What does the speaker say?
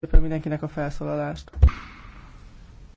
Köszönöm mindenkinek a felszólalást.